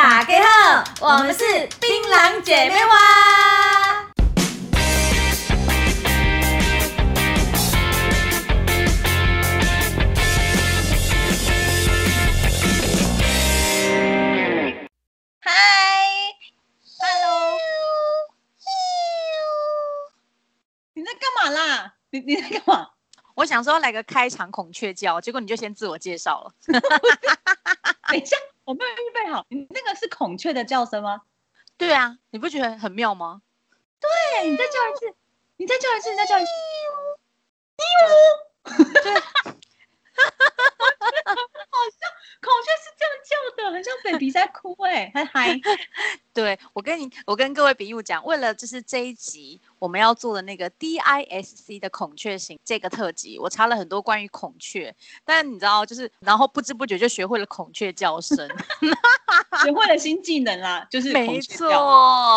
大家好，我們是檳榔姐妹花。嗨，Hello, Hello, Hello, Hello、You're... 你在幹嘛啦？你，你在幹嘛？我想說來個開場孔雀叫，結果你就先自我介紹了。等一下。我沒有預備好，你那個是孔雀的叫聲嗎？對啊，你不覺得很妙嗎？對，你再叫一次，你再叫一次，你再叫一次， 好笑，孔雀是。笑的很像 Baby 在哭哎、欸，還 嗨。對我跟你，我跟各位檳友講，為了就是這一集我們要做的那個 D I S C 的孔雀型這個特輯，我查了很多關於孔雀，但你知道就是，然後不知不覺就學會了孔雀叫聲， 學會了新技能啦，就是 啦、就是、沒錯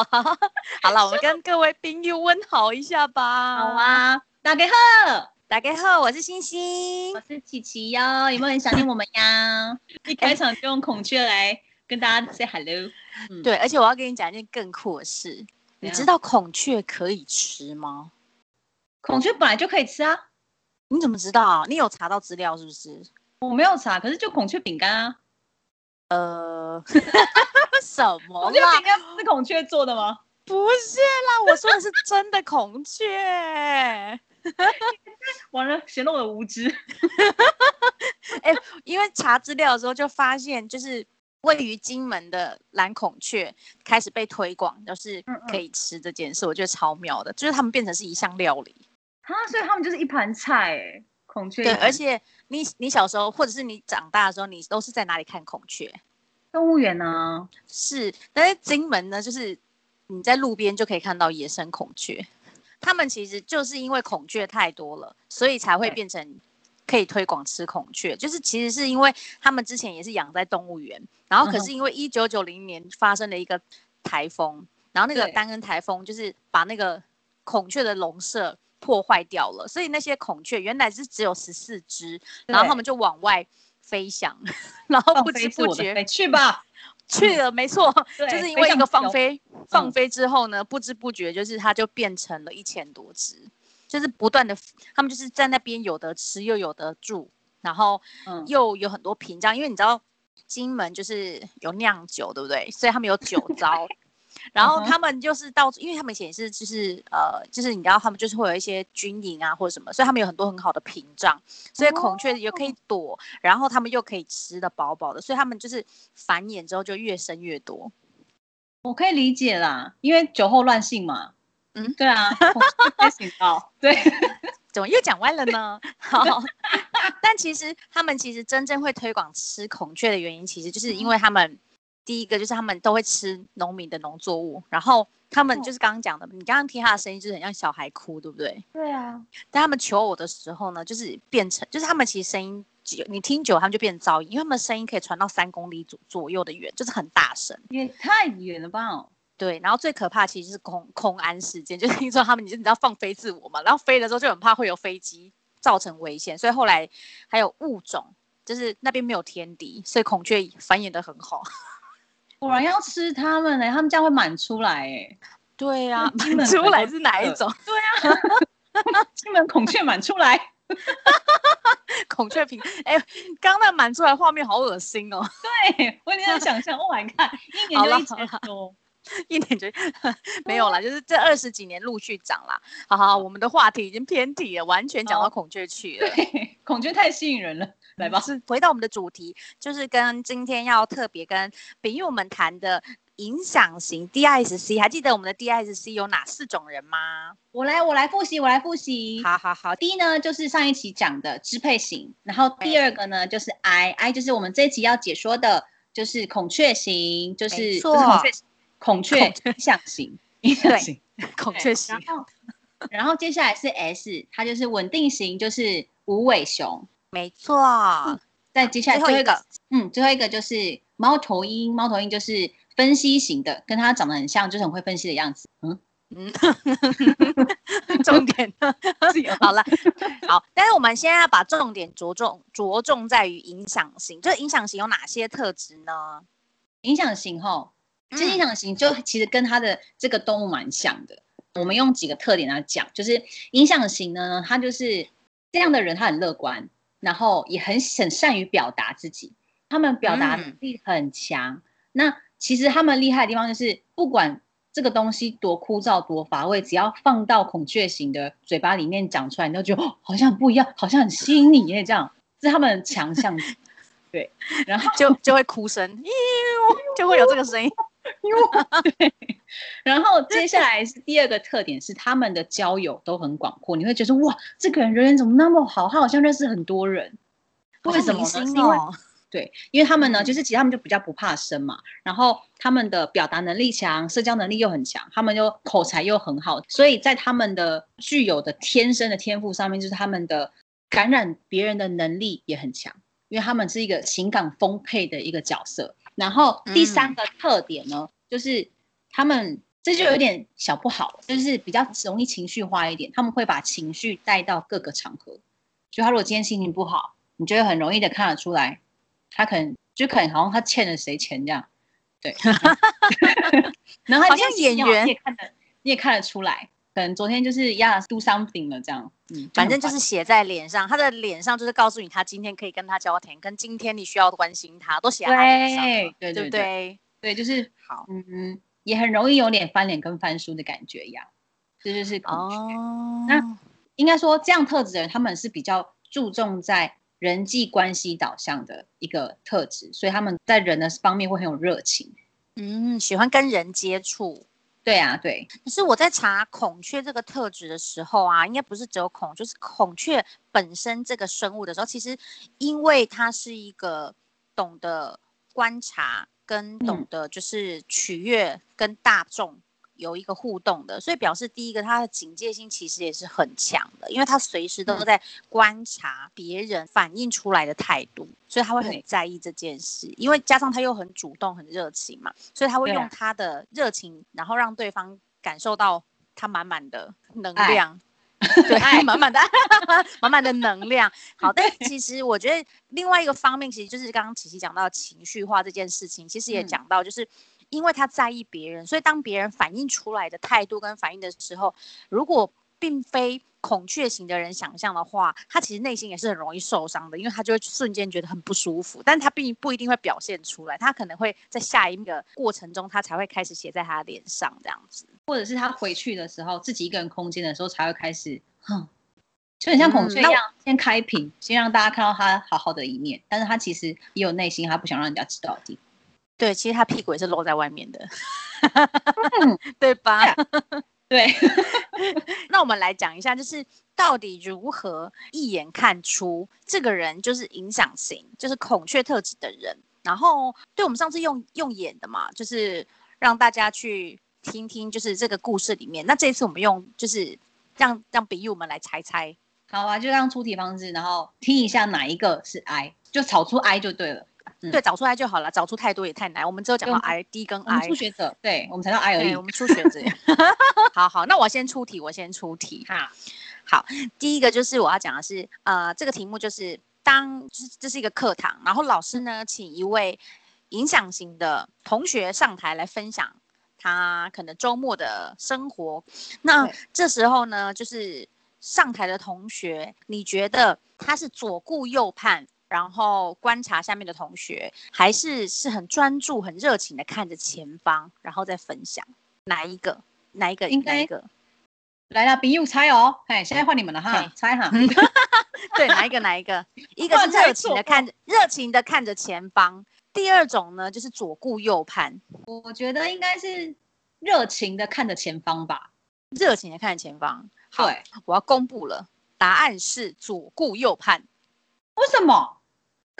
好了，我們跟各位賓友問好一下吧。好啊，大家好。大家好，我是星星，我是琪琪喲、哦。有沒有很想念我們呀？ 一開場就用孔雀來跟大家 say hello。 嗯、對，而且我要跟你講一件更酷的事、嗯，你知道孔雀可以吃嗎？孔雀本來就可以吃啊！你怎麼知道、啊？你有查到資料是不是？我沒有查，可是就孔雀餅乾啊。呃， 什麼？孔雀餅乾不是孔雀做的嗎？不是啦，我說的是真的孔雀。 完了，顯得我的無知。哎、 欸，因為查資料的時候就發現，就是位於金門的藍孔雀開始被推廣，就是可以吃這件事，我覺得超妙的。嗯嗯，就是他們變成是一項料理。所以他們就是一盤菜、欸。孔雀。對，而且你你小時候或者是你長大的時候，你都是在哪裡看孔雀？動物園啊，是。但是金門呢，就是你在路邊就可以看到野生孔雀。他們其實就是因為孔雀太多了，所以才會變成可以推廣吃孔雀。就是其實是因為他們之前也是養在動物園，然後可是因為一九九零年發生了一個台風、嗯，然後那個丹恩台風就是把那個孔雀的籠舍破壞掉了，所以那些孔雀原來是只有十四隻，然後他們就往外飛翔，然後不知不覺 去吧。去了，嗯、沒錯，就是因為一個放飛，放飛之後呢、嗯，不知不覺就是它就變成了一千多隻，就是不斷的，他們就是在那邊有得吃，又有得住，然後又有很多屏障、嗯，因為你知道金門就是有釀酒，對不對？所以他們有酒糟。 然後他們就是到，uh -huh. 因為他們顯示就是呃，就是你知道他們就是會有一些軍營啊或者什麼，所以他們有很多很好的屏障，所以孔雀也可以躲，oh. 然後他們又可以吃得飽飽的，所以他們就是繁衍之後就越生越多。我可以理解啦，因為酒後亂性嘛。嗯，對啊，性高，對。 怎麼又講歪了呢？好， 但其實他們其實真正會推廣吃孔雀的原因，其實就是因為他們。第一個就是他們都會吃農民的農作物，然後他們就是剛剛講的，你剛剛聽他的聲音就是很像小孩哭，對不對？對啊。但他們求偶的時候呢，就是變成，就是他們其實聲音久，你聽久了他們就變噪音，因為他們聲音可以傳到三公里左左右的遠，就是很大聲。也太遠了吧？對。然後最可怕其實就是空空安事件，就是聽說他們，你知道放飛自我嘛，然後飛的時候就很怕會有飛機造成危險，所以後來還有物種，就是那邊沒有天敵，所以孔雀繁衍得很好。果然要吃它們呢、欸，它們這樣會滿出來、欸、對呀、啊，滿出來是哪一種？對呀，金門孔雀滿出來， 孔雀屏。哎、欸，剛剛那滿出來畫面好惡心哦、喔。對，我一定要想象，我蠻看，一年就一隻多，一年就沒有了，就是這二十幾年陸續長啦。好，好好，我們的話題已經偏題了，完全講到孔雀去了。孔雀太吸引人了。來、嗯、吧，是回到我們的主題，就是跟今天要特別跟檳友們談的影響型 D I S C。DISC, 還記得我們的 D I S C 有哪四種人嗎？我來，我來複習，我來複習。好好好，第一呢就是上一期講的支配型，然後第二個呢、欸、就是 I I 就是我們這一集要解說的，就是孔雀型，就是,錯是孔雀孔雀影響型對，孔雀型。然後然後接下來是 S， 它就是穩定型，就是無尾熊。沒錯，再、嗯、接下來最後，最後一個，嗯，最後一個就是貓頭鷹。貓頭鷹就是分析型的，跟它長得很像，就是很會分析的樣子。嗯嗯，呵呵 重點 好了，好。但是我們現在要把重點着重着重在於影響型，就是影響型有哪些特質呢？影響型吼、嗯，其實影響型就其實跟他的這個動物蠻像的。我們用幾個特點來講，就是影響型呢，他就是這樣的人，他很樂觀。然後也很很善於表達自己，他們表達力很強，嗯。那其實他們厲害的地方就是，不管這個東西多枯燥多乏味，只要放到孔雀型的嘴巴裡面講出來，你都覺得，哦，好像不一樣，好像很吸引你這樣，是他們強項。 對，然後就就會哭聲， 就會有這個聲音。 對，然後接下來是第二個特點，是他們的交友都很廣闊。你會覺得哇，這個人緣人怎麼那麼好？他好像認識很多人，為什麼呢？因、啊、為、哦、對，因為他們呢，就是其實他們就比較不怕生嘛。然後他們的表達能力強，社交能力又很強，他們又口才又很好。所以在他們的具有的天生的天賦上面，就是他們的感染別人的能力也很強，因為他們是一個情感豐沛的一個角色。然後第三個特點呢，嗯、就是他們這就有點小不好，就是比較容易情緒化一點。他們會把情緒帶到各個場合，就他如果今天心情不好，你就會很容易的看得出來，他可能就可能好像他欠了誰錢這樣，對。然後你像演員 你也看得，你也看得出來。可能昨天就是要 do something 了，這樣，嗯，反正就是寫在臉上，他的臉上就是告訴你，他今天可以跟他交談，跟今天你需要關心他，都寫在臉上了對對不對，對對對對，就是好，嗯嗯，也很容易有點翻臉跟翻書的感覺一樣，這就是孔雀，oh。那應該說，這樣特質的人，他們是比較注重在人際關係導向的一個特質，所以他們在人的方面會很有熱情，嗯，喜歡跟人接觸。對啊，對。可是我在查孔雀這個特質的時候啊，應該不是只有孔，就是孔雀本身這個生物的時候，其實因為它是一個懂得觀察跟懂得就是取悅跟大眾。嗯有一個互動的，所以表示第一個他的警戒心其實也是很強的，因為他隨時都在觀察別人反映出來的態度，嗯，所以他會很在意這件事。因為加上他又很主動、很熱情嘛，所以他會用他的熱情，啊，然後讓對方感受到他滿滿的能量，對，滿滿的，滿 滿的能量。好，但其實我覺得另外一個方面，其實就是剛剛琪琪講到情緒化這件事情，其實也講到就是。嗯因為他在意別人，所以當別人反映出來的態度跟反應的時候，如果並非孔雀型的人想象的話，他其實內心也是很容易受傷的，因為他就會瞬間覺得很不舒服。但是他並不一定會表現出來，他可能會在下一個過程中，他才會開始寫在他的臉上這樣子，或者是他回去的時候，自己一個人空間的時候才會開始，哼，就很像孔雀一樣，嗯，先開屏，先讓大家看到他好好的一面，但是他其實也有內心他不想讓人家知道的地對，其實他屁股也是露在外面的， 對吧？ 對。 那我們來講一下，就是到底如何一眼看出這個人就是影響型，就是孔雀特質的人。然後，對我們上次用用演的嘛，就是讓大家去聽聽，就是這個故事裡面。那這一次我們用，就是讓讓比喻我們來猜猜。好啊，就讓出題方式，然後聽一下哪一個是 I，就炒出 I 就對了。對，找出來就好了。找出太多也太難。我們只有講到 I D 跟 I 初學者，對，我們才到 I 而已。對，我們初學者。 好好，那我先出題，我先出題。哈，好，第一個就是我要講的是，呃，這個題目就是，當就是這是一個課堂，然後老師呢請一位影響型的同學上台來分享他可能週末的生活。那這時候呢，就是上台的同學，你覺得他是左顧右盼？然後觀察下面的同學，還是是很專注、很熱情的看着前方，然後再分享哪一個？哪一個？應該？哪一個來了，不用猜哦！哎，現在換你們了哈，猜哈。 對，哪一個？哪一個？ 一個是熱情的看着，熱情的看着前方。第二種呢，就是左顧右盼。我覺得應該是熱情的看着前方吧，熱情的看着前方。好，對，我要公布了，答案是左顧右盼。為什麼？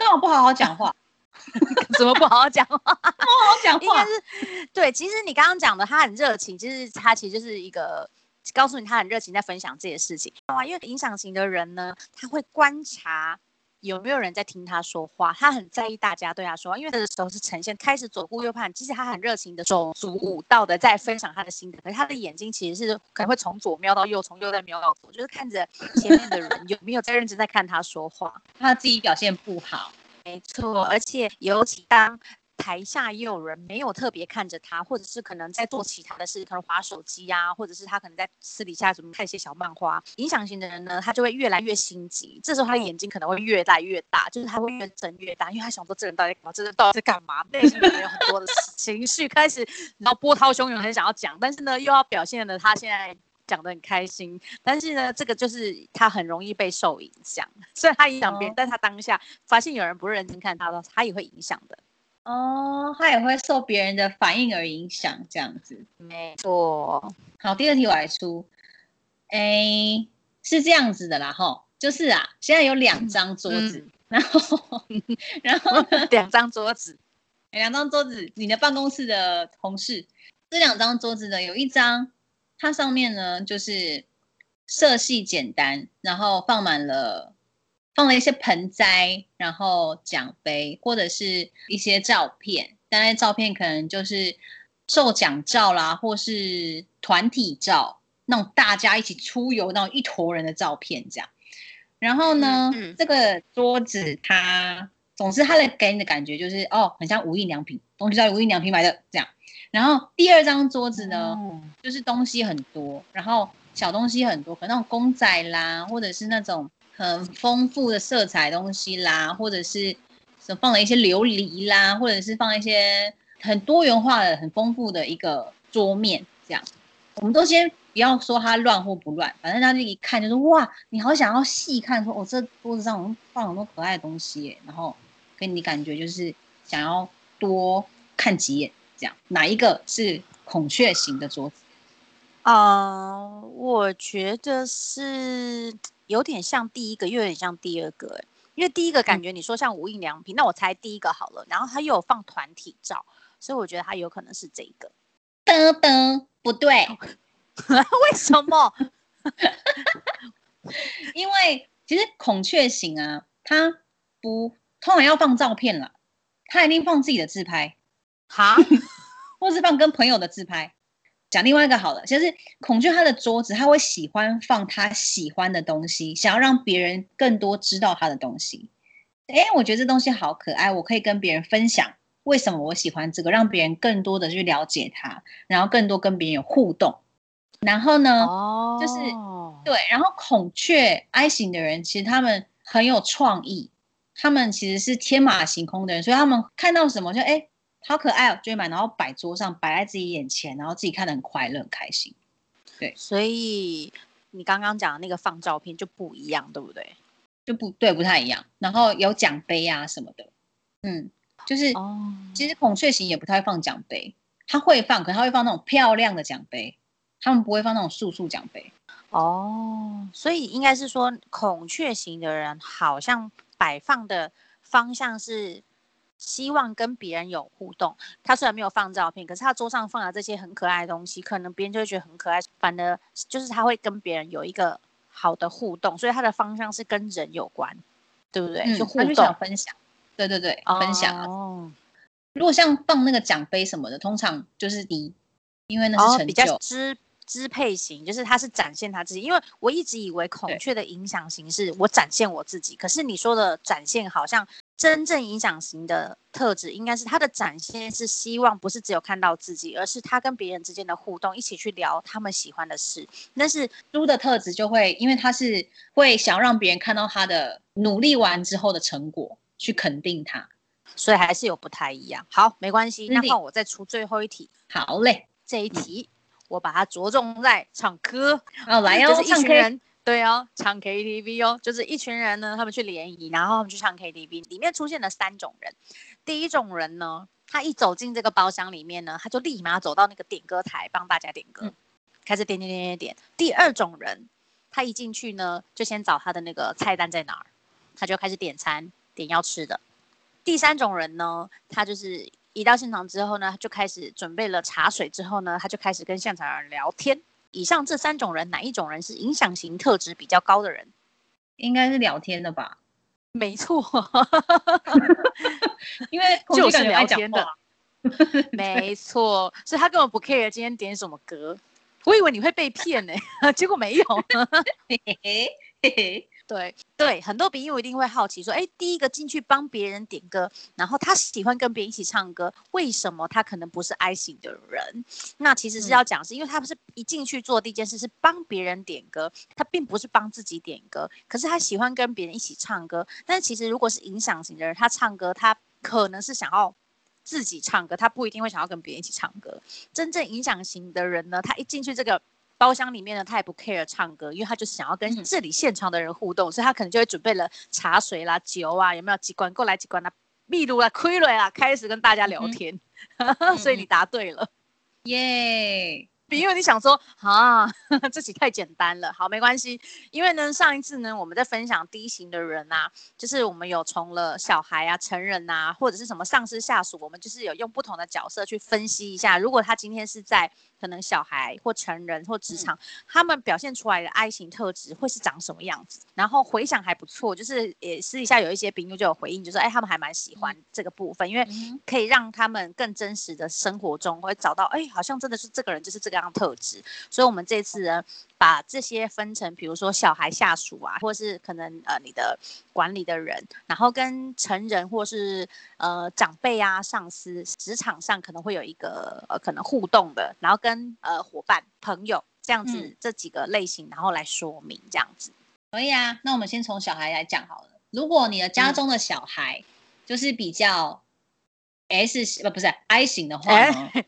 那我不好好講話， 怎麼不好好講話？不好好講話，是對。其實你剛剛講的，他很熱情，就是他其實就是一個告訴你，他很熱情，在分享這些事情。哇，因為影響型的人呢，他會觀察。有沒有人在聽他說話？他很在意大家對他說話，因為這個時候是呈現開始左顧右盼，其實他很熱情的手舞足蹈地在分享他的心得，可是他的眼睛其實是可能會從左瞄到右，從右再瞄到左，就是看着前面的人 有沒有在認真在看他說話， 他自己表現不好，沒錯，而且尤其當。台下也有人沒有特別看着他，或者是可能在做其他的事情，可能滑手機啊，或者是他可能在私底下什麼看一些小漫畫。影響型的人呢，他就會越來越心急，這時候他的眼睛可能會越來越大，就是他會越睜越大，因為他想說這人到底，這人到底在幹嘛？幹嘛 內心裡面有很多的情緒開始，然後波濤洶湧，很想要講，但是呢，又要表現的他現在講的很開心。但是呢，這個就是他很容易被受影響，雖然他影響別人，哦。但他當下發現有人不認真看他的，他也會影響的。哦、oh，他也會受別人的反應而影響，這樣子。沒錯。好，第二題我來出。A、欸、是這樣子的啦，吼，就是啊，現在有兩張桌子、嗯，然後，嗯、 然後兩張桌子，兩、欸、張桌子，你的辦公室的同事，這兩張桌子呢，有一張，它上面呢就是色系簡單，然後放滿了。放了一些盆栽、然後獎杯，或者是一些照片。但那，照片可能就是受獎照啦，或是團體照，那種大家一起出遊那種一坨人的照片這樣。然後呢，嗯、這個桌子它、嗯，總之它來給你的感覺就是，哦，很像無印良品，東西叫無印良品買的這樣。然後第二張桌子呢、哦，就是東西很多，然後小東西很多，可能那種公仔啦，或者是那種。很豐富的色彩東西啦，或者是放了一些琉璃啦，或者是放一些很多元化的很豐富的一個桌面這樣。我們都先不要說它亂或不亂，反正大家一看就是哇，你好想要細看，說哦，這桌子上我們放很多可愛的東西，然後給你感覺就是想要多看幾眼這樣。哪一個是孔雀型的桌子？啊，uh，我覺得是。有點像第一個，又有點像第二個，因為第一個感覺你說像無印良品，嗯，那我猜第一個好了。然後他又有放團體照，所以我覺得他有可能是這一個。噔噔，不對， 為什麼？ 因為其實孔雀型啊，他不通常要放照片了，他一定放自己的自拍，好， 或是放跟朋友的自拍。講另外一個好了，就是孔雀它的桌子，他會喜歡放他喜歡的東西，想要讓別人更多知道他的東西。哎，我覺得這東西好可愛，我可以跟別人分享，為什麼我喜歡這個，讓別人更多的去了解它，然後更多跟別人有互動。然後呢？Oh. 就是對，然後孔雀 I 型的人，其實他們很有創意，他們其實是天馬行空的人，所以他們看到什麼就哎。誒好可愛哦，追滿，然後擺桌上，擺在自己眼前，然後自己看得很快樂，很開心。對，所以你剛剛講的那個放照片就不一樣，對不對？就不對，不太一樣。然後有獎杯啊什麼的，嗯，就是哦，其實孔雀型也不太會放獎杯，他會放，可他會放那種漂亮的獎杯，他們不會放那種素素獎杯。哦，所以應該是說孔雀型的人好像擺放的方向是。希望跟別人有互動。他雖然沒有放照片，可是他桌上放了這些很可愛的東西，可能別人就會覺得很可愛。反而就是他會跟別人有一個好的互動，所以他的方向是跟人有關，對不對？嗯、就互動、分享。對對對，哦、分享。哦。如果像放那個獎盃什麼的，通常就是你，因為那是成就。哦、比較知。支配型就是他是展現他自己，因為我一直以為孔雀的影響型是我展現我自己。可是你說的展現，好像真正影響型的特質應該是他的展現是希望不是只有看到自己，而是他跟別人之間的互動，一起去聊他們喜歡的事。但是豬的特質就會，因為他是會想讓別人看到他的努力完之後的成果，去肯定他，所以還是有不太一樣。好，沒關係，嗯，那我再出最後一題。好嘞，這一題。我把它着重在唱歌啊，來哦，就是一群人，對哦、啊，唱 KTV 哦，就是一群人呢，他們去聯誼，然後他們去唱 KTV，裡面出現了三種人，第一種人呢，他一走進這個包廂裡面呢，他就立馬走到那個點歌台幫大家點歌，嗯，開始點點點點點。第二種人，他一進去呢，就先找他的那個菜單在哪兒，他就開始點餐，點要吃的。第三種人呢，他就是。一到現場之後呢，就開始準備了茶水。之後呢，他就開始跟現場人聊天。以上這三種人，哪一種人是影響型特質比較高的人？應該是聊天的吧？沒錯， 因為就是聊天的。 天的 沒錯，所以他根本不 care 今天點什麼歌。我以為你會被騙呢， 結果沒有。 欸欸對對，很多朋友一定會好奇說，哎，第一個進去幫別人點歌，然後他喜歡跟別人一起唱歌，為什麼他可能不是 I 型的人？那其實是要講是、嗯、因為他不是一進去做的第一件事是幫別人點歌，他並不是幫自己點歌，可是他喜歡跟別人一起唱歌。但是其實如果是影響型的人，他唱歌他可能是想要自己唱歌，他不一定會想要跟別人一起唱歌。真正影響型的人呢，他一進去這個。包廂裡面呢，他也不 care 唱歌，因為他就是想要跟這裡現場的人互動，嗯、所以他可能就會準備了茶水啦、啊、酒啊，有沒有幾罐過來幾罐啦，秘如啊、Tequila 開始跟大家聊天。嗯、 所以你答對了，耶！因為你想說啊，這題太簡單了。好，沒關係，因為呢，上一次呢，我們在分享 D 型的人啊，就是我們有從了小孩啊、成人啊，或者是什麼上司下屬，我們就是有用不同的角色去分析一下，如果他今天是在。可能小孩或成人或職場、嗯，他們表現出來的 Ｉ 型特質會是長什麼樣子？嗯、然後回想還不錯，就是也私底下有一些朋友就有回應、就是，就說哎，他們還蠻喜歡這個部分，因為可以讓他們更真實的生活中會找到，哎，好像真的是這個人就是這個樣的特質。所以我們這次呢，把這些分成，比如說小孩下屬啊，或是可能呃你的管理的人，然後跟成人或是呃長輩啊、上司，職場上可能會有一個、呃、可能互動的，然後跟。跟呃夥伴、朋友這樣子、嗯、這幾個類型，然後來說明這樣子可以啊。那我們先從小孩來講好了。如果你的家中的小孩就是比較 S 型、嗯、呃不是 I 型的話、欸嗯，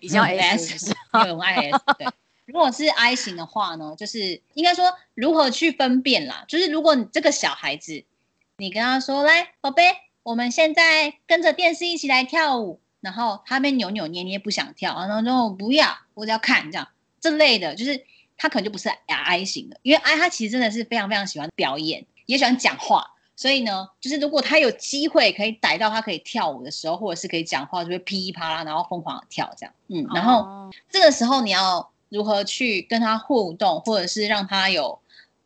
比較 S，用 I S, S, S 對。如果是 I 型的話呢，就是應該說如何去分辨啦，就是如果你這個小孩子，你跟他說，來寶貝，我們現在跟着電視一起來跳舞，然後他被扭扭捏捏捏不想跳，然後說不要。或者要看這樣這類的，就是他可能就不是 I 型的，因為 I 他其實真的是非常非常喜歡表演，也喜歡講話，所以呢，就是如果他有機會可以逮到他可以跳舞的時候，或者是可以講話，就會噼里啪啦然後瘋狂的跳這樣，嗯，然後、哦、這個時候你要如何去跟他互動，或者是讓他有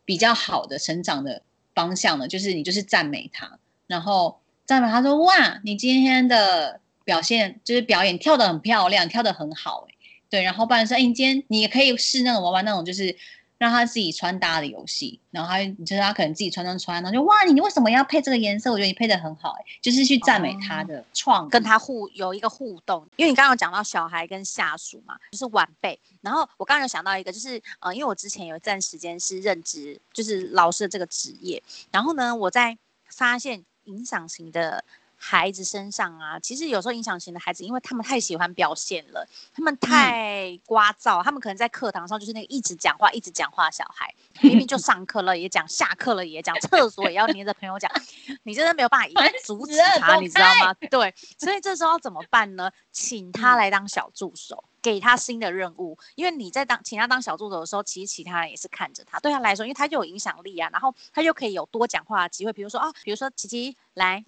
比較好的成長的方向呢？就是你就是讚美他，然後讚美他說哇，你今天的表現就是表演跳得很漂亮，跳得很好哎、欸。對，然後不然說：“哎、欸，你今天你可以試那種玩玩那種，就是讓他自己穿搭的遊戲。然後他，就是他可能自己穿穿穿，然後就哇，你你為什麼要配這個顏色？我覺得你配得很好、欸，哎，就是去讚美他的創意、嗯，跟他互有一個互動。因為你剛剛有講到小孩跟下屬嘛，就是晚輩。然後我剛剛有想到一個，就是呃，因為我之前有一段時間是任職，就是老師的這個職業。然後呢，我在發現影響型的。”孩子身上啊，其實有時候影響型的孩子，因為他們太喜歡表現了，他們太聒噪、嗯，他們可能在課堂上就是那個一直講話、一直講話的小孩，明明就上課了也講， 下課了也講，廁所也要黏着朋友講， 你真的沒有辦法阻止他， 你知道嗎？對，所以這時候要怎麼辦呢？請他來當小助手，嗯、給他新的任務，因為你在當請他當小助手的時候，其實其他人也是看着他，對他來說，因為他就有影響力啊，然後他又可以有多講話的機會，比如說啊，比如說、哦、比如說琪琪來。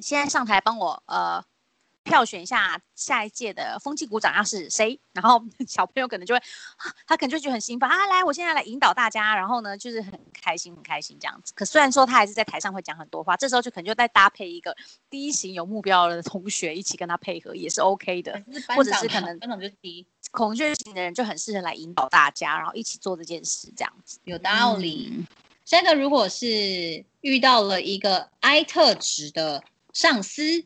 現在上台幫我呃票選一下下一屆的風紀股長是誰，然後小朋友可能就會，啊、他可能就覺得很興奮啊！來，我現在來引導大家，然後呢就是很開心很開心這樣子。可雖然說他還是在台上會講很多話，這時候就可能就再搭配一個 D 型有目標的同學一起跟他配合也是 OK 的，是或者是可能可能就是 I 孔雀型的人就很適合來引導大家，然後一起做這件事這樣子，有道理。現在如果是遇到了一個 I 特質的。上司，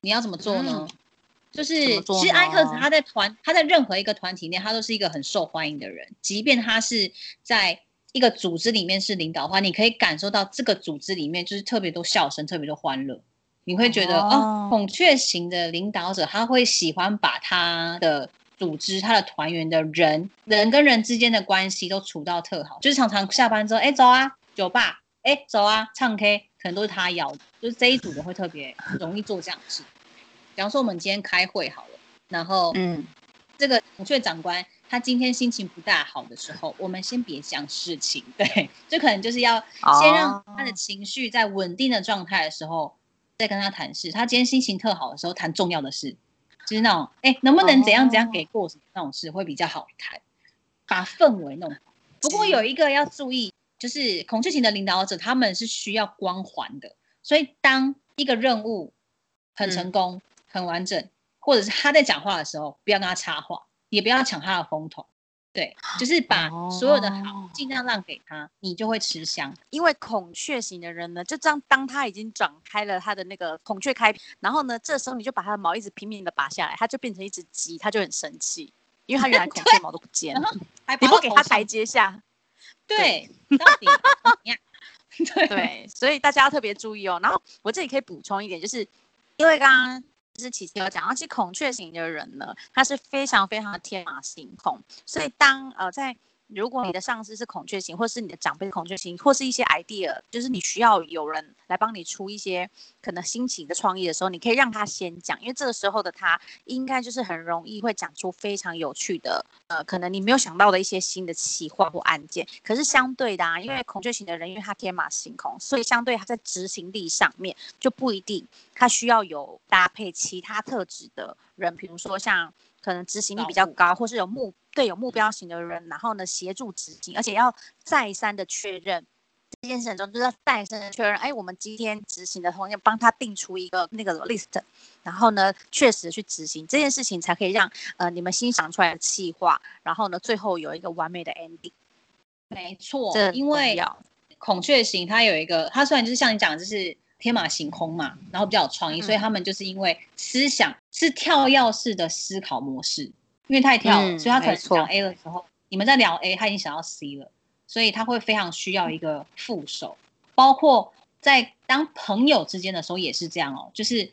你要怎麼做呢？嗯、就是其實艾克斯他在團、嗯，他在任何一個團體內，他都是一個很受歡迎的人。即便他是在一個組織裡面是領導的話，你可以感受到這個組織裡面就是特別多笑聲，特別多歡樂。你會覺得哦、哦，孔雀型的領導者他會喜歡把他的組織、他的團員的人人跟人之間的關係都處到特好。哦，就是常常下班之後，哎、欸、走啊酒吧，哎、欸、走啊唱 K，可能都是他邀的。就是這一組的會特別容易做這樣的事。比方說，我們今天開會好了，然後，嗯，這個孔雀長官他今天心情不大好的時候，我們先別想事情，對，就可能就是要先讓他的情緒在穩定的狀態的時候，oh. 再跟他談事。他今天心情特好的時候談重要的事，就是那種哎、欸，能不能怎樣、oh. 怎樣給過什麼那種事會比較好談，把氛圍弄好。不過有一個要注意，就是孔雀型的領導者他們是需要光環的。所以，當一個任務很成功，嗯、很完整，或者是他在講話的時候，不要跟他插話，也不要搶他的風頭，對，就是把所有的好，哦、盡量讓給他，你就會吃香。因為孔雀型的人呢，就這樣，當他已經展開了他的那個孔雀開屏，然後呢，這時候你就把他的毛一直拼命的拔下來，他就變成一隻雞，他就很生氣，因為他原來孔雀毛都不尖， 你不給他台階下，對， 到底怎麼樣？ 對，對，所以大家要特別注意哦。然後我這裡可以補充一點，就是因為剛剛就是啟奇有講，其實孔雀型的人呢，他是非常非常的天馬行空，所以當呃在。如果你的上司是孔雀型，或是你的長輩是孔雀型，或是一些 idea，就是你需要有人來幫你出一些可能新奇的創意的時候，你可以讓他先講，因為這個時候的他應該就是很容易會講出非常有趣的，呃，可能你沒有想到的一些新的企劃或案件。可是相對的啊，因為孔雀型的人，因為他天馬行空，所以相對他在執行力上面就不一定，他需要有搭配其他特質的。人，比如說像可能執行力比較高，或是有目對有目標型的人，然後呢，協助執行，而且要再三的確認這件事情中，就是要再三的確認，哎，我們今天執行的，同樣幫他定出一個那個 list，然後呢，確實去執行這件事情，才可以讓呃你們新想出來的計劃，然後呢，最後有一個完美的 ending。沒錯這要，因為孔雀型他有一個，他雖然就是像你講，就是。天馬行空嘛，然後比較有創意、嗯，所以他們就是因為思想是跳躍式的思考模式，嗯、因為太跳，所以他可能講 A 的時候、嗯。你們在聊 A，他已經想到 C 了，所以他會非常需要一個副手，嗯、包括在當朋友之間的時候也是這樣哦，就是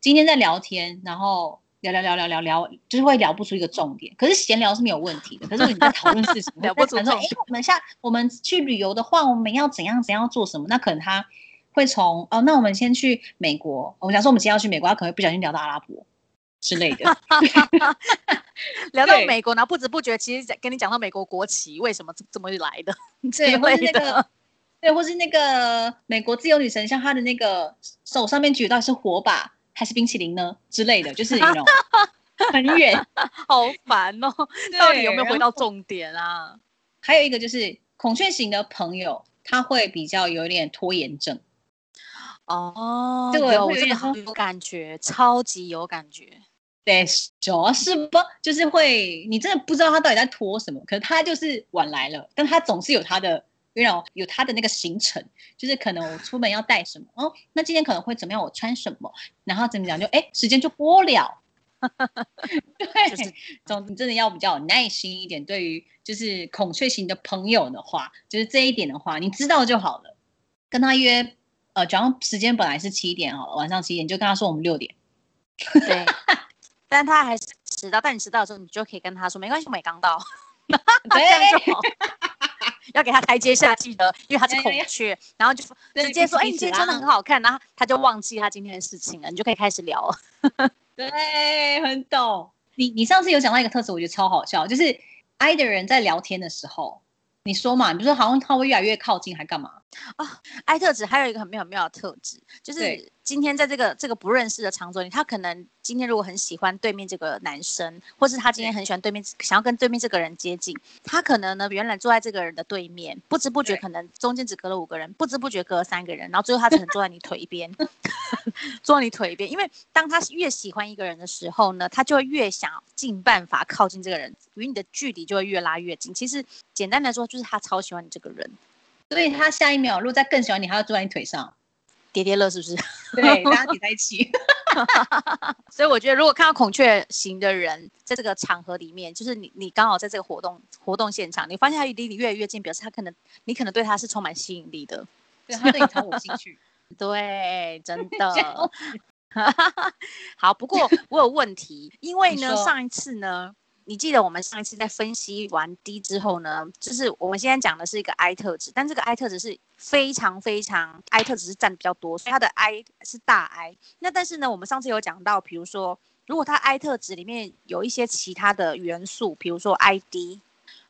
今天在聊天，然後聊聊聊聊聊聊，就是會聊不出一個重點，可是閒聊是沒有問題的， 可是你們在討論事情，反正因為我們下我們去旅遊的話，我們要怎樣怎樣做什麼，那可能他。會從哦，那我們先去美國。我想說，我們今天要去美國，他可能會不小心聊到阿拉伯之類的， 聊到美國，然後不知不覺其實講跟你講到美國國旗為什麼這麼來的，對的或是那個對，或是那個美國自由女神像她的那個手上面舉到底是火把還是冰淇淋呢之類的，就是 you know, 很遠，好煩哦，到底有沒有回到重點啊？還有一個就是孔雀型的朋友，他會比較有點拖延症。哦、oh，我這個，很有感覺，超級有感覺。對，主、就、要是不就是會，你真的不知道他到底在拖什麼。可是他就是晚來了，但他總是有他的，因有他的那個行程，就是可能我出門要帶什麼。 哦，那今天可能會怎麼樣？我穿什麼？然後怎麼講？就哎，時間就過了。 對，就是、總你真的要比較耐心一點。對於就是孔雀型的朋友的話，就是這一點的話，你知道就好了，跟他約。呃，假裝時間本來是七點好了，晚上七點你就跟他說我們六點。對， 但他還是遲到。但你遲到的時候，你就可以跟他說沒關係，我們剛到。 對，這樣就好。 要給他台階下，記得，因為他是孔雀、哎。然後就直接說：“哎，哎，你今天穿的很好看。”然後他就忘記他今天的事情了，你就可以開始聊。 對，很懂。你你上次有講到一個特色，我覺得超好笑，就是 I 的人在聊天的時候。你說嘛？你不是好像他會越來越靠近還，還幹嘛啊？哦，Ｉ 特質還有一個很妙很妙的特質，就是。今天在這個這個不認識的場所裡，他可能今天如果很喜歡對面這個男生，或是他今天很喜歡對面，對，想要跟對面這個人接近，他可能呢原來坐在這個人的對面，不知不覺可能中間只隔了五個人，不知不覺隔了三個人，然後最後他只能坐在你腿邊， 坐在你腿邊，因為當他是越喜歡一個人的時候呢，他就會越想盡辦法靠近這個人，與你的距離就會越拉越近。其實簡單來說，就是他超喜歡你這個人，所以他下一秒如果再更喜歡你，他要坐在你腿上。疊疊樂是不是？對，大家疊在一起。 所以我覺得，如果看到孔雀型的人在這個場合裡面，就是你，你剛好在這個活動活動現場，你發現他離你越來越近，表示他可能，你可能對他是充滿吸引力的，對，他對你超有興趣。 對，真的。 好，不過我有問題， 因為呢，上一次呢。你記得我們上一次在分析完 D 之後呢，就是我們現在講的是一個 I 特質，但這個 I 特質是非常非常 I 特質是佔比較多，所以它的 I 是大 I。那但是呢，我們上次有講到，比如說如果它 I 特質裡面有一些其他的元素，比如說 I D，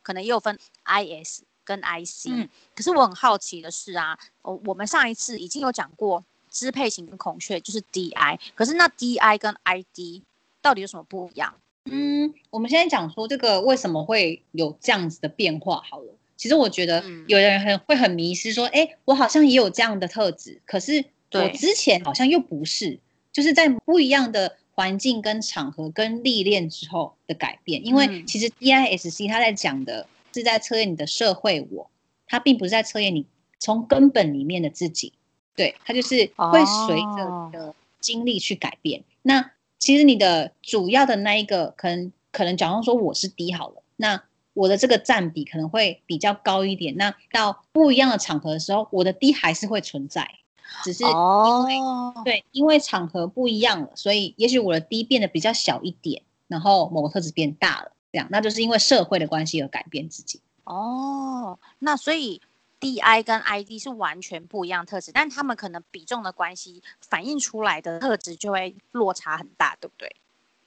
可能也有分 I S 跟 I C。嗯。可是我很好奇的是啊，我我們上一次已經有講過支配型跟孔雀就是 D I，可是那 D I 跟 I D 到底有什麼不一樣？嗯，我們現在講說這個為什麼會有這樣子的變化？好了，其實我覺得有的人很、嗯、會很迷失，說：“哎，我好像也有這樣的特質，可是我之前好像又不是。”就是在不一樣的環境、跟場合、跟歷練之後的改變。因為其實 DISC 他在講的是在測驗你的社會我，他並不是在測驗你從根本裡面的自己。對，他就是會隨着你的經歷去改變。哦、那其實你的主要的那一個可能可能，假裝說我是 D 好了，那我的這個佔比可能會比較高一點。那到不一樣的場合的時候，我的 D 還是會存在，只是因為、oh. 對，因為場合不一樣了，所以也許我的 D 變得比較小一點，然後某個特質變大了，這樣，那就是因為社會的關係而改變自己。哦、oh.，那所以。D I 跟 I D 是完全不一樣的特質，但他們可能比重的關係反映出來的特質就會落差很大，對不對？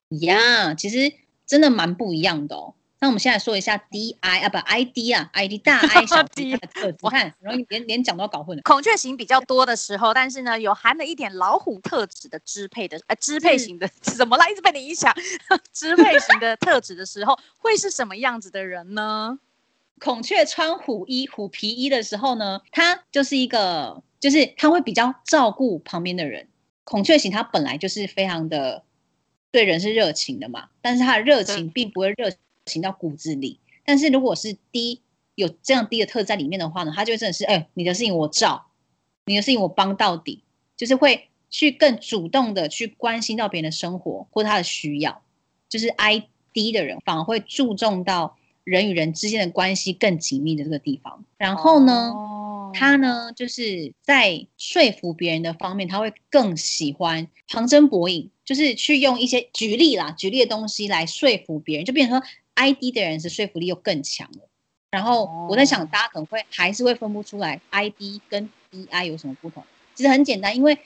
y、yeah, e 其實真的蠻不一樣的哦。那我們現在說一下、啊、D I 啊，不 I D 啊，I D 大 I 小 D，特 D 你看，容易連 連講都搞混了。孔雀型比較多的時候，但是呢，有含了一點老虎特質的支配的呃支配型的，是 怎麼了？一直被你影響，支配型的特質的時候 會是什麼樣子的人呢？孔雀穿虎衣、虎皮衣的時候呢，它就是一個，就是它會比較照顧旁邊的人。孔雀型它本來就是非常的對人是熱情的嘛，但是他的熱情並不會熱情到骨子裡。但是如果是 D 有這樣 D 的特質在裡面的話呢，他就真的是，哎、欸，你的事情我照，你的事情我幫到底，就是會去更主動的去關心到別人的生活或他的需要。就是 ID 的人反而會注重到。人與人之間的關係更緊密的這個地方，然後呢，oh. 他呢就是在說服別人的方面，他會更喜歡旁徵博引，就是去用一些舉例啦、舉例的東西來說服別人，就變成說 I D 的人是說服力又更強了。然後我在想，大家可能會還是會分不出來 I D 跟 D I 有什麼不同。其實很簡單，因為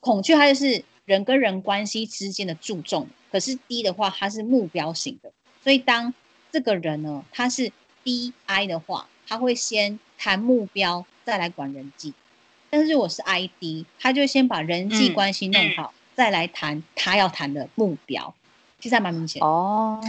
孔雀它就是人跟人關係之間的注重，可是 D 的話它是目標型的，所以當。這個人呢，他是 D I 的話，他會先談目標，再來管人際。但是我是 I D，他就先把人際關係弄好，嗯、再來談他要談的目標，其實還蠻明顯哦。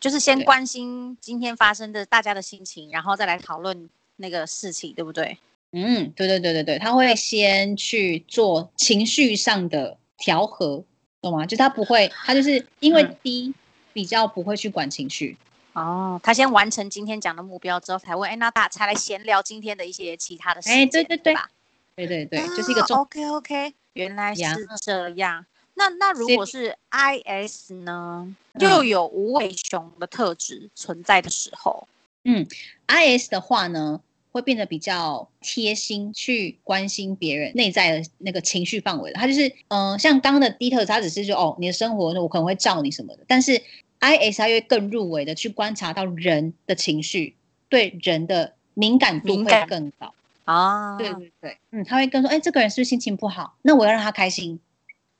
就是先關心今天發生的大家的心情，然後再來討論那個事情，對不對？嗯，對對對對對，他會先去做情緒上的調和，懂嗎？就他不會，他就是因為低、嗯，比較不會去管情緒。哦，他先完成今天講的目標之後，才問，哎、欸，那大家才來閒聊今天的一些其他的事情。哎、欸，對對對，對對對，對、嗯，就是一個重 OK OK，原來是這樣。那那如果是 IS 呢？又、嗯、有無尾熊的特質存在的時候，嗯，IS 的話呢，會變得比較貼心，去關心別人內在的那個情緒範圍的。他就是，嗯、呃，像剛、剛的 D 特質，他只是說哦，你的生活，我可能會照你什麼的，但是。I S 他會更入微的去觀察到人的情緒，對人的敏感度會更高啊！對對對，嗯，他會跟說，哎，這個人是不是心情不好？那我要讓他開心。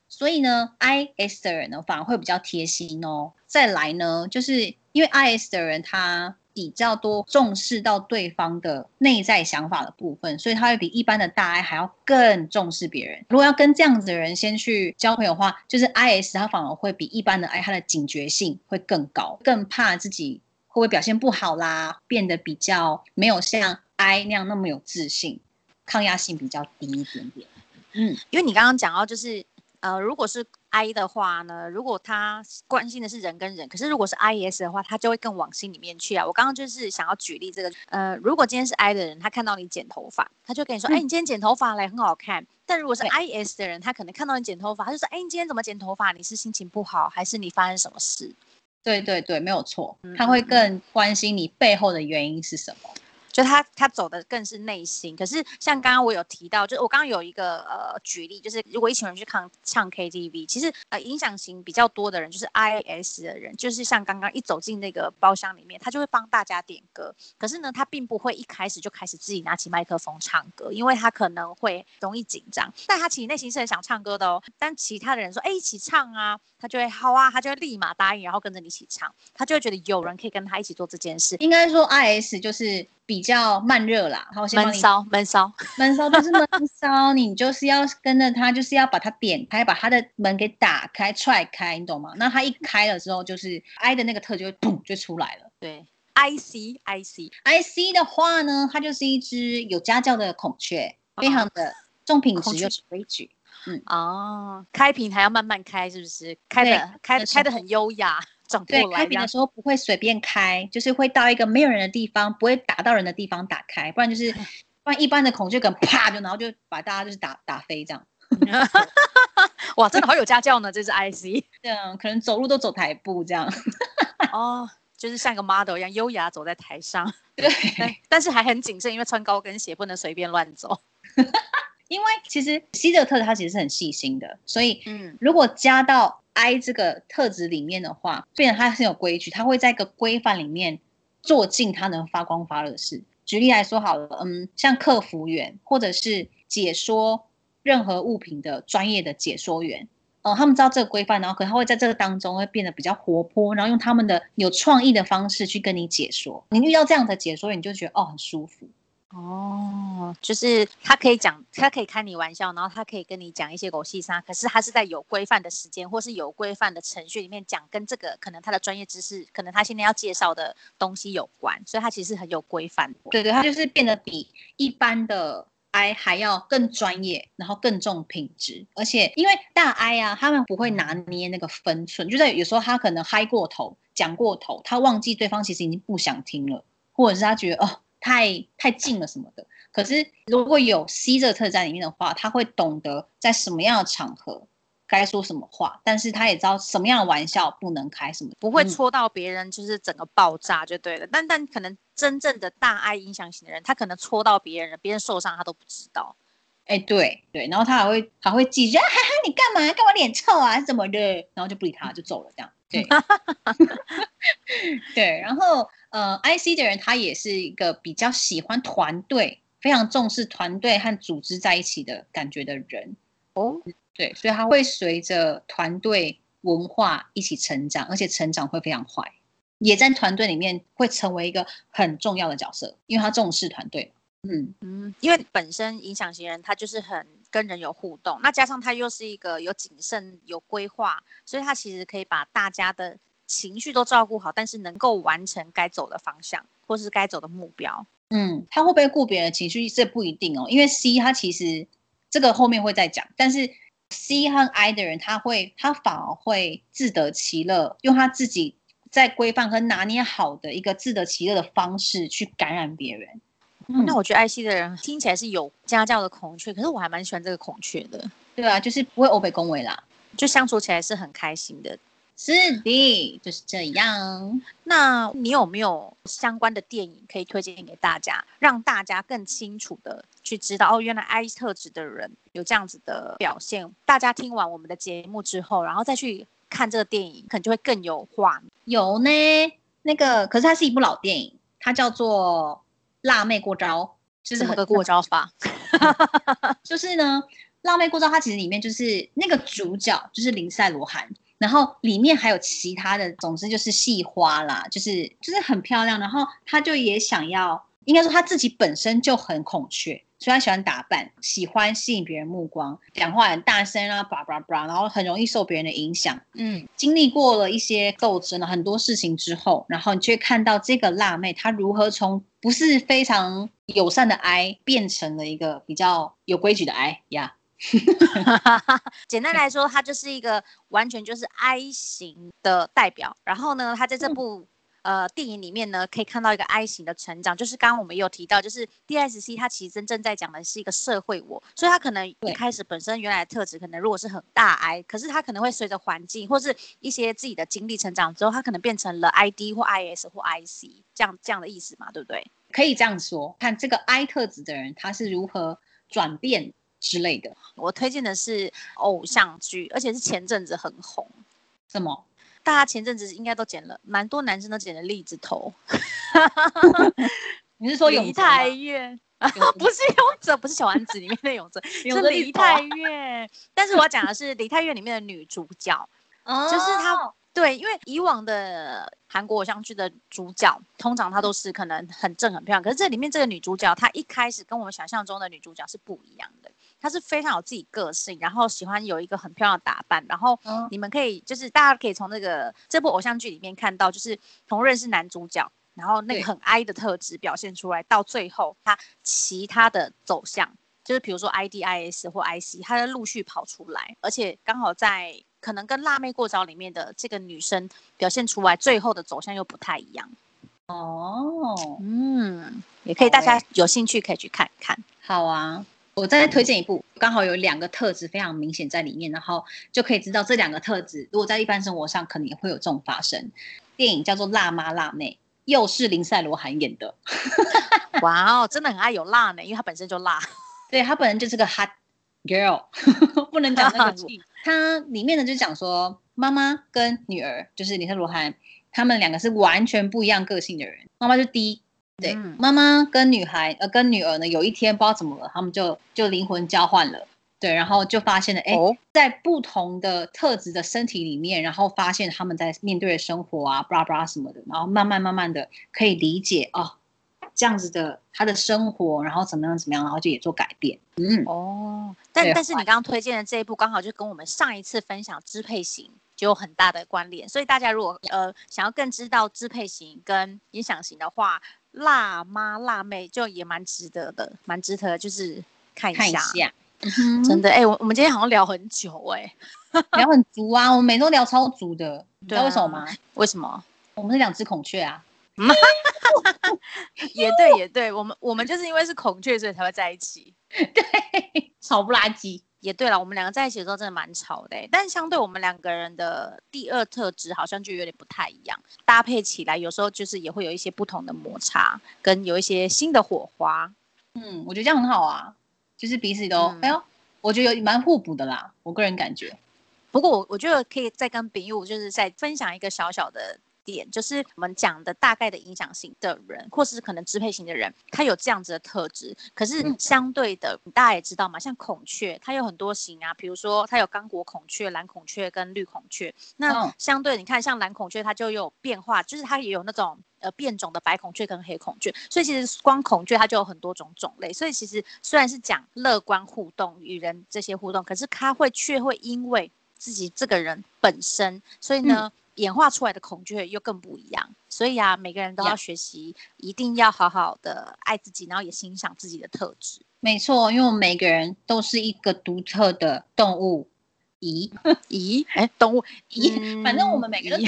所以呢，I S 的人呢，反而會比較貼心哦。再來呢，就是因為 I S 的人他。比較多重視到對方的內在想法的部分，所以他會比一般的大 I 還要更重視別人。如果要跟這樣子的人先去交朋友的話，就是 IS 他反而會比一般的 I 他的警覺性會更高，更怕自己會不會表現不好啦，變得比較沒有像 I 那樣那麼有自信，抗壓性比較低一點點。嗯，因為你剛剛講到就是呃，如果是。I 的話呢，如果他關心的是人跟人，可是如果是 I S 的話，他就會更往心裡面去啊。我剛剛就是想要舉例這個，呃，如果今天是 I 的人，他看到你剪頭髮，他就跟你說，哎、嗯，你今天剪頭髮來很好看。但如果是 I S 的人，他可能看到你剪頭髮，他就說，哎，你今天怎麼剪頭髮？你是心情不好，還是你發生什麼事？對對對，沒有錯，他會更關心你背後的原因是什麼。就他他走的更是內心，可是像剛剛我有提到，就我剛剛有一個呃舉例，就是如果一群人去看唱，唱 KTV，其實呃影響型比較多的人就是 I S 的人，就是像剛剛一走進那個包廂裡面，他就會幫大家點歌。可是呢，他並不會一開始就開始自己拿起麥克風唱歌，因為他可能會容易緊張。但他其實內心是很想唱歌的哦。但其他的人說，哎、欸，一起唱啊，他就會好啊，他就會立馬答應，然後跟着你一起唱，他就會覺得有人可以跟他一起做這件事。應該說 I S 就是。比較慢熱啦，好，我先幫你。悶騷，悶騷，悶騷，就是悶騷，你就是要跟着他，就是要把它點開，把它的門給打開、踹開，你懂嗎？那它一開了之後，就是 I 的那個特就會砰就出來了。對，I C I C I C 的話呢，它就是一只有家教的孔雀，非常的重品質又規矩、哦。嗯，哦，開屏還要慢慢開，是不是？開的開的開的，開的很優雅。對，開屏的時候不會隨便開，就是會到一個沒有人的地方，不會打到人的地方打開，不然就是，呵呵，不然一般的孔雀梗啪 就，然後就把大家就是打打飛這樣。 哇，真的好有家教呢， 這是 IC，這樣可能走路都走台步這樣。哦，就是像個 model 一樣 優雅走在台上對。對，但是還很謹慎，因為穿高跟鞋不能隨便亂走。 因為其實 C 這個特質，它其實是很細心的，所以如果加到、嗯。I 這個特質裡面的話，雖然他很有規矩，他會在一個規範裡面做盡他能發光發熱的事。舉例來說好了，嗯，像客服員或者是解說任何物品的專業的解說員，哦、呃，他們知道這個規範，然後可能他會在這個當中會變得比較活潑，然後用他們的有創意的方式去跟你解說。你遇到這樣的解說員，你就覺得，哦，很舒服。哦、oh，就是他可以講，他可以開你玩笑，然後他可以跟你講一些狗屁啥，可是他是在有規範的時間或是有規範的程序裡面講，跟這個可能他的專業知識，可能他現在要介紹的東西有關，所以他其實很有規範。對對，他就是變得比一般的 I 還要更專業，然後更重品質，而且因為大 I 啊，他們不會拿捏那個分寸，就在有時候他可能嗨過頭，講過頭，他忘記對方其實已經不想聽了，或者是他覺得哦。太太近了什麼的，可是如果有 C 這個特質裡面的話，他會懂得在什麼樣的場合該說什麼話，但是他也知道什麼樣的玩笑不能開，什麼不會戳到別人就是整個爆炸就對了。嗯、但但可能真正的大愛影響型的人，他可能戳到別人了，別人受傷他都不知道。哎、欸，對對，然後他還會他還會記着、啊，哈哈，你幹嘛？幹嘛臉臭啊？怎麼的？然後就不理他，就走了、嗯、這樣。對， 對，然後呃，I C 的人他也是一個比較喜歡團隊，非常重視團隊和組織在一起的感覺的人。哦，對，所以他會隨着團隊文化一起成長，而且成長會非常快，也在團隊裡面會成為一個很重要的角色，因為他重視團隊。嗯嗯，因為本身影響型人他就是很。跟人有互動，那加上他又是一個有謹慎、有規劃，所以他其實可以把大家的情緒都照顧好，但是能夠完成該走的方向或是該走的目標。嗯，他會不會顧別人的情緒？這不一定哦，因為 C 他其實這個後面會再講。但是 C 和 I 的人，他會他反而會自得其樂，用他自己在規範和拿捏好的一個自得其樂的方式去感染別人。那我覺得 Ｉ 型的人聽起來是有家教的孔雀，可是我還蠻喜歡這個孔雀的。對啊，就是不會歐北恭維啦，就相處起來是很開心的。是的，就是這樣。那你有沒有相關的電影可以推薦給大家，讓大家更清楚的去知道哦？原來 Ｉ 特質的人有這樣子的表現。大家聽完我們的節目之後，然後再去看這個電影，可能就會更有畫面。有呢，那個可是它是一部老電影，它叫做。辣妹過招。就是很怎麼個過招法？ 就是呢，辣妹過招，它其實裡面就是那個主角，就是林賽羅韓，然後裡面還有其他的，總之就是系花啦，就是就是很漂亮。然後她就也想要，應該說她自己本身就很孔雀。雖然喜歡打扮，喜歡吸引別人目光，講話很大聲啊，叭叭叭，然後很容易受別人的影響。嗯，經歷過了一些鬥爭了很多事情之後，然後你卻看到這個辣妹她如何從不是非常友善的 I 變成了一個比較有規矩的 I 呀。Yeah. 簡單來說，她就是一個完全就是 I 型的代表。然後呢，她在這部、嗯。呃，電影裡面呢可以看到一個 I 型的成長，就是剛剛我們有提到，就是 DISC 它其實真正在講的是一個社會我，所以它可能一開始本身原來的特質可能如果是很大 I，可是它可能會隨着環境或是一些自己的經歷成長之後，它可能變成了 I D 或 I S 或 I C 這樣這樣的意思嘛，對不對？可以這樣說，看這個 I 特質的人他是如何轉變之類的。我推薦的是偶像劇，而且是前陣子很紅。什麼？大家前陣子應該都剪了，蠻多男生都剪了栗子頭。 你是說永梨泰院，啊永？不是永澤，不是小丸子裡面的永澤， 是梨泰院。 但是我要講的是梨泰院裡面的女主角， 就是她，哦。對，因為以往的韓國偶像劇的主角，通常她都是可能很正很漂亮。可是這裡面這個女主角，她一開始跟我們想象中的女主角是不一樣的。她是非常有自己個性，然後喜歡有一個很漂亮的打扮，然後你們可以、嗯、就是大家可以從這、那個這部偶像劇裡面看到，就是從認識男主角，然後那個很 I 的特質表現出來，到最後他其他的走向，就是比如說 I D I S 或 I C，他在陸續跑出來，而且剛好在可能跟辣妹過招裡面的這個女生表現出來，最後的走向又不太一樣。哦，嗯，也可以，欸、大家有興趣可以去看一看。好啊。我再推薦一部，剛、嗯、好有兩個特質非常明顯在裡面，然後就可以知道這兩個特質，如果在一般生活上，可能也會有這種發生。電影叫做《辣媽辣妹》，又是林賽·羅韓演的。哇哦，真的很愛有辣妹，因為她本身就辣。對，她本人就是個 hot girl， 不能講那個。她 裡面呢就講說，媽媽跟女兒就是林賽·羅韓，他們兩個是完全不一樣個性的人。媽媽就 D。對，媽媽跟女孩呃，跟女兒呢，有一天不知道怎麼了，他們就就靈魂交換了，對，然後就發現了，哎、哦，在不同的特質的身體裡面，然後發現他們在面對生活啊，bla bla 什麼的，然後慢慢慢慢的可以理解啊、哦，這樣子的他的生活，然後怎麼樣怎麼樣，然後就也做改變，嗯哦，但但是你剛剛推薦的這一部，剛好就跟我們上一次分享支配型就有很大的關聯，所以大家如果呃想要更知道支配型跟影響型的話。辣媽辣妹就也蠻值得的，蠻值得的，就是看一下，看一下、嗯、真的哎、欸，我我們今天好像聊很久哎、欸，聊很足啊， 我們每周聊超足的對、啊，你知道為什麼嗎？為什麼？我們是兩隻孔雀啊， 也對也對，我們我們就是因為是孔雀，所以才會在一起，對，吵不拉幾。也對了，我們兩個在一起的時候真的蠻吵的，但相對我們兩個人的第二特質好像就有點不太一樣，搭配起來有時候就是也會有一些不同的摩擦，跟有一些新的火花。嗯，我覺得這樣很好啊，就是彼此都、嗯、哎呦，我覺得有蠻互補的啦，我個人感覺。不過我我覺得可以再跟檳友就是再分享一個小小的點，就是我們講的大概的影響型的人，或是可能支配型的人，他有這樣子的特質。可是相對的，嗯、大家也知道嘛，像孔雀，它有很多型啊，比如說它有剛果孔雀、藍孔雀跟綠孔雀。那相對你看，像藍孔雀，它就有變化，就是它也有那種呃變種的白孔雀跟黑孔雀。所以其實光孔雀它就有很多種種類。所以其實雖然是講樂觀互動與人這些互動，可是他會卻會因為自己這個人本身，所以呢，嗯演化出來的恐懼又更不一樣，所以啊，每個人都要學習，yeah. 一定要好好的愛自己，然後也欣賞自己的特質。沒錯，因為我們每個人都是一個獨特的動物咦？咦、欸，哎、 欸，動物咦？反正我們每個人，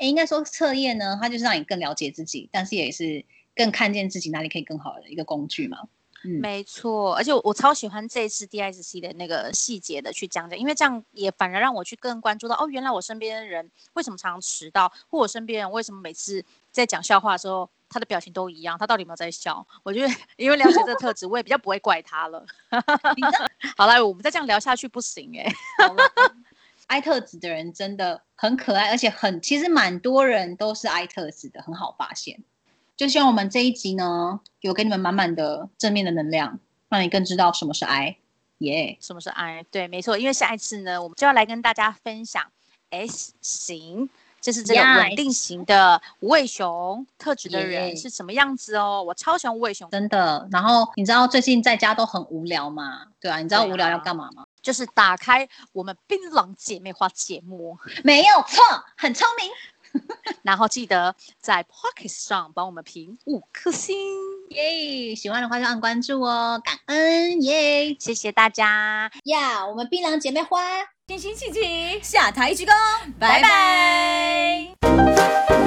應該說測驗呢，它就是讓你更了解自己，但是也是更看見自己哪裡可以更好的一個工具嘛。嗯、沒錯，而且我，我超喜歡這一次 DISC 的那個細節的去講解，因為這樣也反而讓我去更關注到哦，原來我身邊的人為什麼常遲到，或我身邊人為什麼每次在講笑話的時候，他的表情都一樣，他到底有沒有在笑？我覺得因為了解這個特質，我也比較不會怪他了。 好了，我們再這樣聊下去不行哎、欸。I 特質的人真的很可愛，而且很其實蠻多人都是 I 特質的，很好發現。就希望我們這一集呢，有給你們滿滿的正面的能量，讓你更知道什麼是 I 耶？Yeah. 什麼是 I？對，沒錯。因為下一次呢，我們就要來跟大家分享 S 型，就是這個穩定型的無尾熊特質的人、yeah. 是什麼樣子哦。我超喜歡無尾熊，真的。然後你知道最近在家都很無聊嗎？對啊。你知道無聊要幹嘛嗎、啊？就是打開我們檳榔姐妹花節目。沒有錯，很聰明。 然後記得在 Pocket 上幫我們評五顆星，耶、yeah！喜歡的話就按關注哦，感恩耶！謝謝大家呀！我們檳榔姐妹花，心心戚戚，下台鞠躬，拜拜。